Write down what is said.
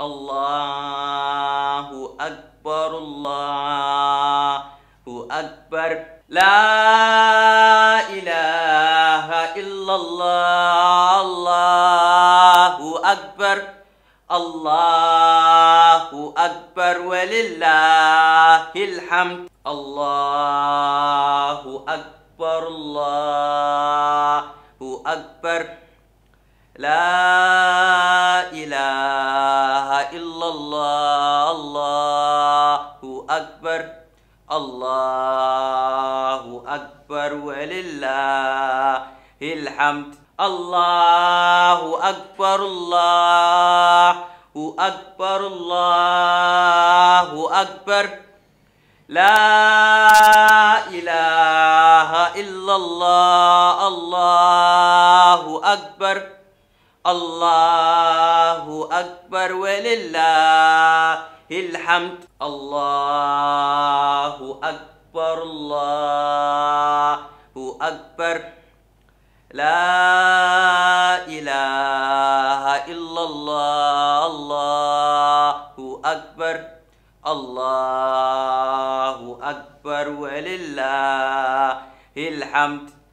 الله أكبر الله أكبر لا إله إلا الله الله أكبر الله أكبر ولله الحمد الله أكبر الله أكبر لا إلا الله الله أكبر الله أكبر ولله الحمد الله أكبر الله أكبر الله أكبر لا إله إلا الله الله أكبر الله أكبر ولله الحمد الله أكبر الله أكبر لا إله إلا الله الله أكبر الله أكبر ولله الحمد